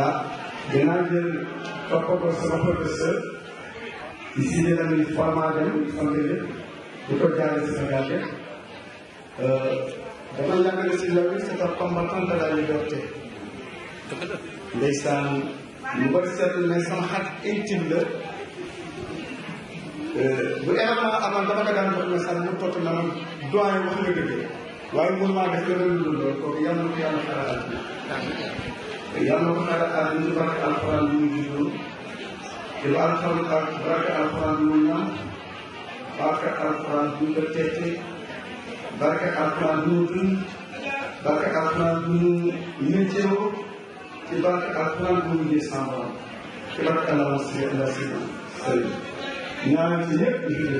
ah dinaa jël toppatoo sama professeur di si ne la muy format dem sant yëpp di ko jaaree si sa gàllankoor dama yàgg si loolu c'est un combattant de la liberté. ndeysaan mu war seetlu ne sama xarit intime la euh, bu événement amoon dama ko daan jox message mu tontu na ma doyen wax nga dëgg waaye mënumaa def leneen lu dul loolu kooku yàlla na ko yàlla xalaat yàlla na ko xayma àll bi ci barke alxuraan bi ñu juddoo di barke alxuraan bi ñu naan barke alxuraan bi ñu ko teete barke alxuraan bi ñu dund barke alxuraan bi ñu météo ci barke alxuraan bi ñu gis sàmbaram ci barke alxuraan si la si la sëriñ ñaanal ci ñëpp ñu